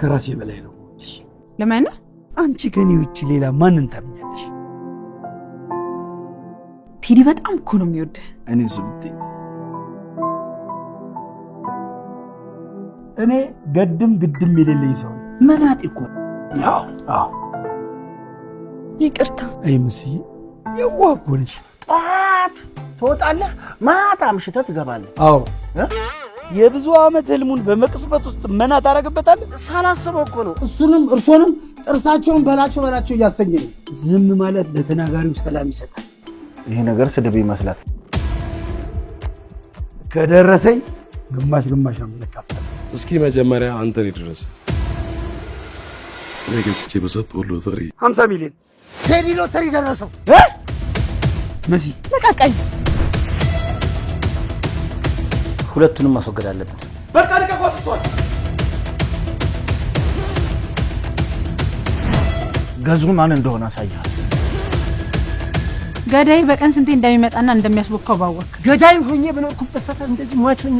ከራሴ በላይ ነው። ለምን አንቺ ከኔ ውጭ ሌላ ማንን ታምኛለሽ? ቴዲ በጣም እኮ ነው የሚወድህ። እኔ ስብት እኔ ገድም ግድም የሌለኝ ሰው መናጤ እኮ ይቅርታ። አይ ምስዬ የዋህ እኮ ነሽ። ጠዋት ትወጣለህ፣ ማታ አምሽተህ ትገባለህ። አዎ የብዙ ዓመት ህልሙን በመቅስፈት ውስጥ መና ታደርግበታለህ። ሳላስበው እኮ ነው። እሱንም እርሶንም ጥርሳቸውን በላቸው በላቸው እያሰኘ ነው። ዝም ማለት ለተናጋሪው ሰላም ይሰጣል። ይሄ ነገር ስድብ ይመስላል። ከደረሰኝ ግማሽ ግማሽ አመለካፈል። እስኪ መጀመሪያ አንተን ድረስ ነገስቼ በሰጠው ሎተሪ 50 ሚሊዮን ቴዲ ሎተሪ ደረሰው መሲ ነቃቃኝ ሁለቱንም ማስወገድ አለብን። በቃ ገዙ ማን እንደሆነ አሳያል። ገዳይ በቀን ስንቴ እንደሚመጣና እንደሚያስቦካው ባወቅ ገዳይ ሆኜ በኖርኩበት ሰፈር እንደዚህ ሟች ሆኜ